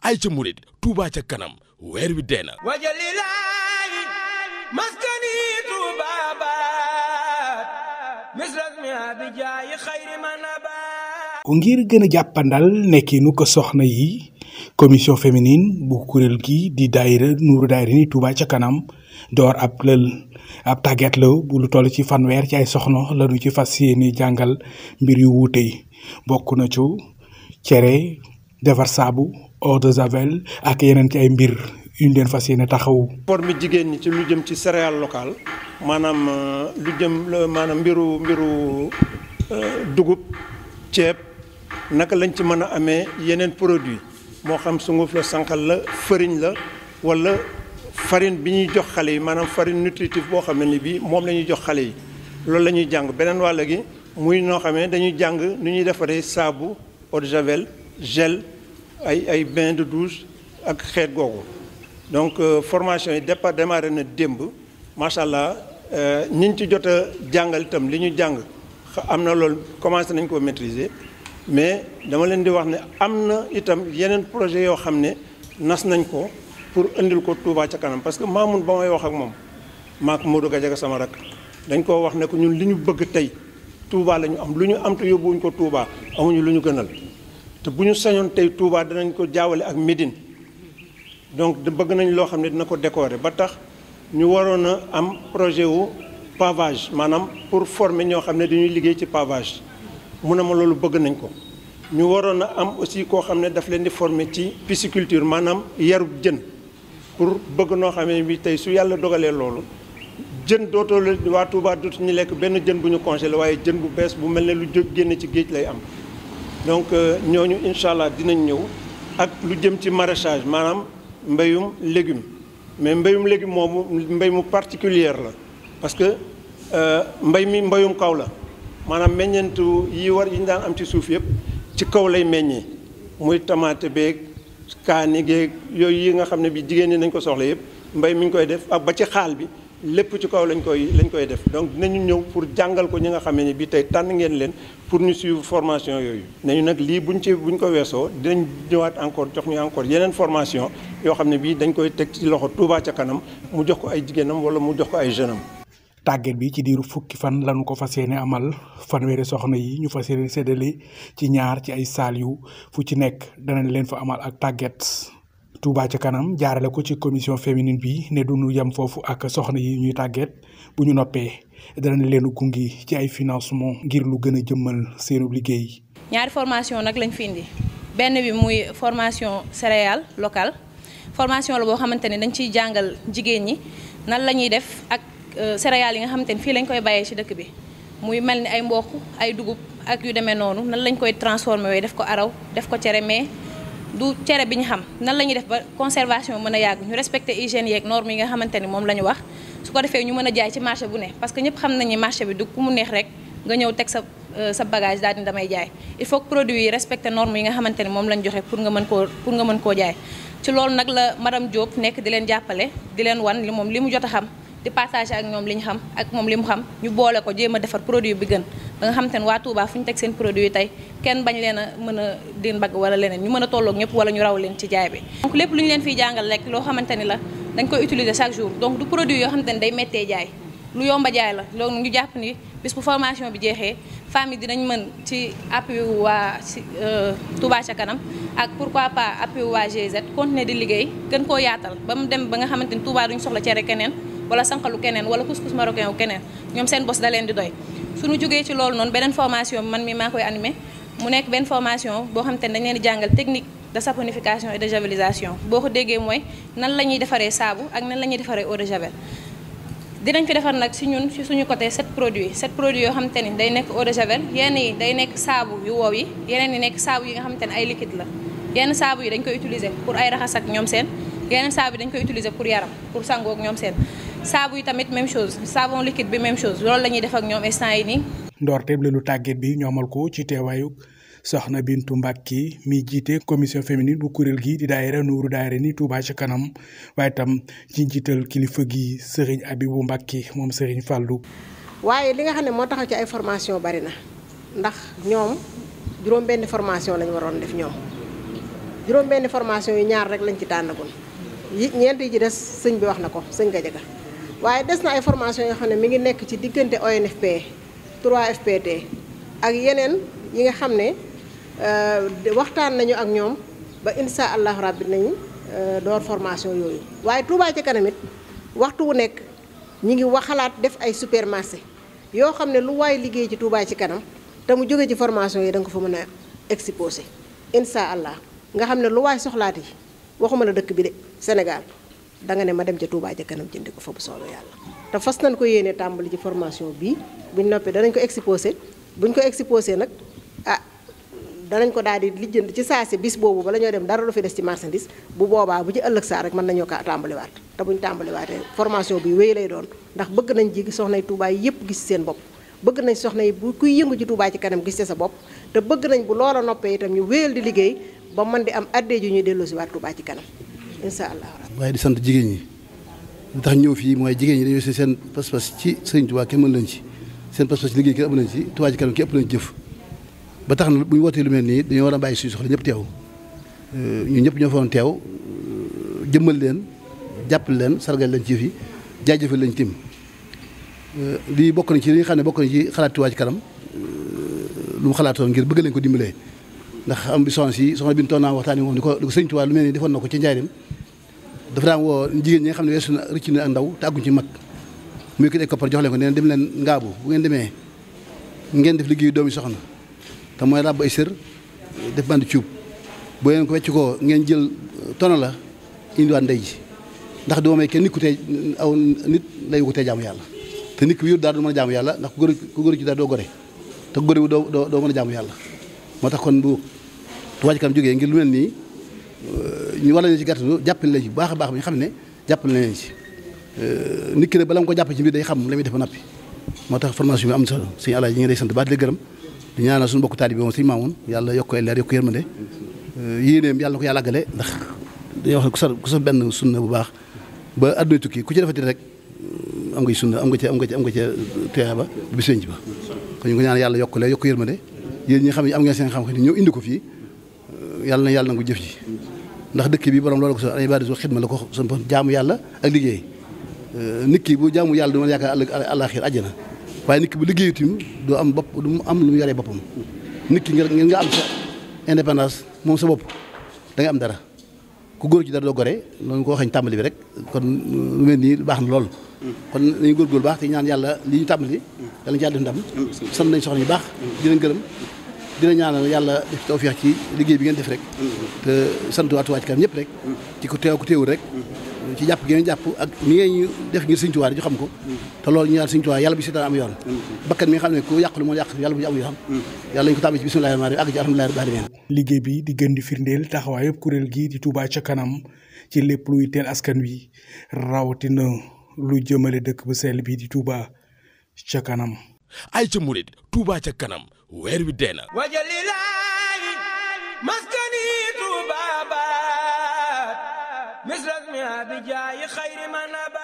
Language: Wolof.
ay ca murit Touba ca kanam weer wi dee na wajalilaayi maskani Touba baat misras ngir gën a jàppandal nekkinu ko soxna yi commission féminine bu kuréel gi di daayira nuuru daayira ni Touba ca kanam door ab lël ab tàgget bu lu toll ci fanweer ci ay soxna lañu ci fas yéene jàngal mbir yu wuute bokk na ci cere defar saabu eau javel ak yeneen ci ay mbir yu ñu leen fas yéene taxawu. forme jigéen ñi ci lu jëm ci céréale local maanaam euh, lu jëm maanaam mbiru mbiru euh, dugub ceeb naka lañ ci mën a amee yeneen produit moo xam sunguf la sànqal la farine la wala farine bi ñuy jox xale yi maanaam farine nutritive boo xam ne ni bii moom la ñuy jox xale yi loolu la ñuy jàng beneen wàll gi muy noo xamee dañuy jàng nu ñuy defaree saabu eau de javel gel. ay ay bain de douche ak xeet googu donc euh, formation yi départ démarré na démb macha allah ñiñ euh, ci jot jàngal itam li ñu jàng am na lool commencé nañ ko maîtriser mais dama leen di wax ne am na itam yeneen projet yoo xam ne nas nañ ko pour indil ko Touba ca kanam parce que Mamoun ba may wax ak moom moo Modou Gadiaga sama rak dañ koo wax ne ko ñun li ñu bëgg tey Touba la ñu am lu ñu am te yóbbuwuñ ko Touba amuñu lu ñu gënal. te bu ñu sañoon tey Touba danañ ko jaawale ak Médine donc bëgg nañ loo xam ne dina ko décorer ba tax ñu waroon a am projet wu pavage maanaam pour former ñoo xam ne dañuy liggéey ci pavage mu ne ma loolu bëgg nañ ko ñu waroon a am aussi koo xam ne daf leen di former ci pisciculture maanaam yarub jën pour bëgg noo xam ne tey su yàlla dogalee loolu jën dootoo la waa Touba dootu ñu lekk benn jën bu ñu congelé waaye jën bu bees bu mel ne lu jóg génn ci géej lay am donc euh, ñooñu incha allah dinañ ñëw ak lu jëm ci maraîchage maanaam mbayum légume mais mbayum légume moomu mbay mu particulière la parce que euh, mbéy mi mbayum kaw la maanaam meññeentu yi war yi ñu daan am ci suuf yëpp ci kaw lay meññee muy tamaate beeg kaani geeg yooyu yi nga xam ne bi jigéen ñi nañ ko soxla yëpp mbay mi ngi koy def ak ba ci xaal bi lépp ci kaw lañ koy lañ koy def donc dinañu ñëw pour jàngal ko ñi nga xam ne bi tey tànn ngeen leen pour ñu suivre formation yooyu. ñu nag lii buñ ci buñ ko weesoo dinañ ñëwaat encore jox ñu encore yeneen formation yoo xam ne bii dañ koy teg ci loxo Touba ca kanam mu jox ko ay jigéenam wala mu jox ko ay jeune am. tàgget bi ci diiru fukki fan lañu ko fas yéene amal fanweeri soxna yi ñu fas yéene séddale ci ñaar ci ay saal yu fu ci nekk danañ leen fa amal ak tàgget. Touba ca kanam jaarale ko ci commission féminine bi ne du ñu yem foofu ak soxna yi ñuy tàgget bu ñu noppee danañ leen gungi ci ay financement ngir lu gën a jëmmal seen liggéey. ñaari formation nag lañ fiindi benn bi muy formation céréale locale formation la boo xamante ne dañ ciy jàngal jigéen ñi nan la ñuy def ak euh, céréales yi nga xamante ne fii lañ koy bàyyee ci dëkk bi muy mel ni ay mboq ay dugub ak yu demee noonu nan lañ koy transformé wee def ko araw def ko cere mais du cere bi ñu xam na la ñuy def ba conservation mën a yàgg ñu respecter hygiène yeeg normes yi nga xamante ni moom la ñu wax su ko defee ñu mën a jaay ci marché bu ne parce que ñëpp xam nañu marché bi du ku mu neex rek nga ñëw teg sa euh, sa bagage daal damay jaay il faut produit yi respecter normes yi nga xamante ni moom lañ joxe pour nga mën koo pour nga mën koo jaay ci loolu nag la madame Diop nekk di leen jàppale di leen wan li moom li mu jot a xam di partager ak ñoom li ñu xam ak moom li mu xam ñu boole ko jéem a defar produit bi gën danga xamante ne waa Touba fu ñu teg seen produit tey kenn bañ leen a mën a din bagg wala leneen ñu mën a tolloog ñëpp wala ñu raw leen ci jaay bi donc lépp lu ñu leen fiy jàngal lekk loo xamante ni la dañ koy utiliser chaque jour donc du produit yoo xamante ne day méttee jaay lu yomba jaay la loolu ñu jàpp ni bis bu formation bi jeexee famille dinañ mën ci appui waa si euh, Touba ca kanam ak pourquoi pas appui waa GZ continuer di liggéey gën koo yaatal ba mu dem ba nga xamante ni Touba duñ soxla cere keneen wala sanqalu keneen wala couscous keneen ñoom seen bos da leen di doy suñu jógee ci loolu noonu beneen formation bi man mi maa koy animé mu nekk benn formation boo xam te ne dañ leen di jàngal technique de saponification et de javelisation boo ko déggee mooy nan la ñuy defaree saabu ak nan la ñuy defaree eau de javel dinañ fi defar nag si ñun si suñu côté sept produits sept produits yoo xam te ni day nekk eau de javel yenn yi day nekk saabu yu wow yi yeneen yi nekk saabu yi nga xam te ne ay liquide la yenn saabu yi dañ koy utiliser pour ay raxas ñoom seen yeneen saabu dañ koy utiliser pour yaram pour sangoo ak ñoom seen saabu yi tamit même chose savon liquide bi même chose loolu la def ak ñoom instant yi nii. ndoorteeb lu tàgget bi ñoomal ko ci teewaayu soxna Bintu Mbàkke mi jiite commission féminine bu kuréel gi di daayira Nuuru daayira ni Touba ci kanam waaye tam ci jiital kilifa gi Serigne Abibou Mbàkke moom Serigne Fallou. waaye li nga xam ne moo taxaw ci ay formation bari na ndax ñoom juróom benn formation lañu waroon def ñoom juróom benn formation yu ñaar rek lañ ci tànnagul yi ñeent yi ci des wax na ko sëñ Gajaga waaye des na ay formation yoo xam ne mu ngi nekk ci diggante ONFP 3FPT ak yeneen yi nga xam ne euh, waxtaan nañu ak ñoom ba insha allahu rabbi nañu euh, door formation yooyu waaye Touba ci kanam it waxtu wu nekk ñi ngi xalaat def ay supermarché yoo xam ne lu waay liggéey ci Touba ci kanam te mu jóge ci formation yi da ko fa mën a exposé insha allah nga xam ne lu waay soxlaat yi waxuma la dëkk bi de Sénégal danga ne ma dem ca Touba ca kanam jënd ko fa bu soobee yàlla te fas nañ ko yéene tàmbali ci formation bii buñ noppee danañ ko exposé buñ ko exposé nag ah danañ ko daal di lijjanti ci saa si bis boobu bala ñoo dem dara lu fi des ci marchandise bu boobaa bu ci ëllëg saa rek mën nañoo kaa tàmbaliwaat te buñ tàmbaliwaatee formation bi wéy lay doon ndax bëgg nañ ji soxnay Touba yëpp gis seen bopp bëgg nañ soxna yi bu kuy yëngu ci Touba ci kanam gis sa bopp te bëgg nañ bu loola noppee itam ñu wéyal di liggéey ba mën di am addee ju ñuy delloosiwaat Touba ci kanam incha allah. waaye di sant jigéen ñi li tax ñëw fii mooy jigéen ñi dañoo si seen pas-pas ci Sëriñ Tuubaa kenn mën leen ci seen pas-pas ci liggéey kenn am nañ ci Tuubaa ci kanam ki ëpp nañ jëf ba tax na bu ñu wootee lu mel nii dañoo war bàyyi suñu soxla ñëpp teew euh, ñu ñëpp ñoo fa woon teew euh, jëmmal leen jàppal leen sargal leen ci fi jaajëfal leen tim euh, lii bokk na ci li xam ne bokk na ci xalaat Tuubaa ci kanam lu mu xalaatoon ngir bëgg leen ko dimbalee ndax am bi soxna si soxna bi ñu toog naa waxtaan moom di ko di ko sëñ Tuubaa lu mel ni defoon na ko ci njaarim dafa daan woo jigéen ñi xam ne weesu na rëcc na ak ndaw te àgguñ mag muy ki ay koppar jox leen ko neen dem leen ngaabu bu ngeen demee ngeen def liggéeyu doomi soxna te mooy ay sër def bandi cuub boo leen ko wecc koo ngeen jël tono la indiwaat ndey ji ndax du ma kenn nit ku tey aw nit lay ko tey jaamu yàlla te nit ku wér daal du mën a jaamu yàlla ndax ku góor ku góor ci daal doo gore te gore wu doo doo mën a jaamu yàlla moo tax kon bu Touba Ca Kanam jógee ngir lu mel nii ñu war nañu ci gàttandu jàppale leen ci bu baax a baax bi ñu xam ne jàpp leen ci nit ki ne jàpp ci mbir day xam la muy def ba noppi moo tax formation bi am solo suñu alaay ñi ngi day sant baax di la gërëm di ñaanal suñu mbokk taalibe moom suñu maamoon yàlla yokk ay leer yokk yërmande yéeneem yàlla ko yàlla àggale ndax dañuy wax ne ku sa ku sa benn bu baax ba àdduna ku ci rek am nga am nga ci am nga am nga ci teexe ba bisenc ba kon ñu ñaan yàlla yokk leer yokk yërmande yéen ñi xam ne am ngeen seen xam-xam ñëw indi ko fii euh, yàlla na yàlla na ko jëf ji ndax dëkk bi borom loolu ko so ay badi so xidma la ko sa jaamu yàlla ak liggéey euh, nit ki bu jaamu yàlla du ma yaakaar àllaaxir àjjana waaye bu liggéey itam du am bopp du am lu mu yoree boppam nit ki ngeen nga am sa indépendance moom sa bopp da am dara ku góor ci dara doo gore loolu ko waxee tàmbali rek kon lu mel nii baax na lool mm. te ñaan yàlla li ñu tàmbali yàlla ci yàlla def ndam sant nañ soxna yu baax dinañ gërëm dina ñaanal yàlla def ci liggéey bi ngeen def rek te sant waatu Touba Ca rek ci ko teew ko rek ci jàpp ngeen jàpp ak ni def ngir Sëriñ Tuubaa di xam ko te loolu ñu ñaan Sëriñ yàlla bu si daan am yoon bakkan mi nga xam ne ku yàqulu moo yàq yàlla bu ñu am yoon yàlla ñu ko tàmbali ak ci alhamdulillahi rabbil alamin liggéey bi di gën di firndeel taxawaay yëpp kuréel gii di Touba Ca Kanam ci lépp luy teel askan wi rawatina lu jëmale dëkk bu sell bi di Touba ca kanam ay ca murit Touba ca kanam weer wi dee na wajalilaayi maskani Touba baat misras mi abijaayi xayri manaba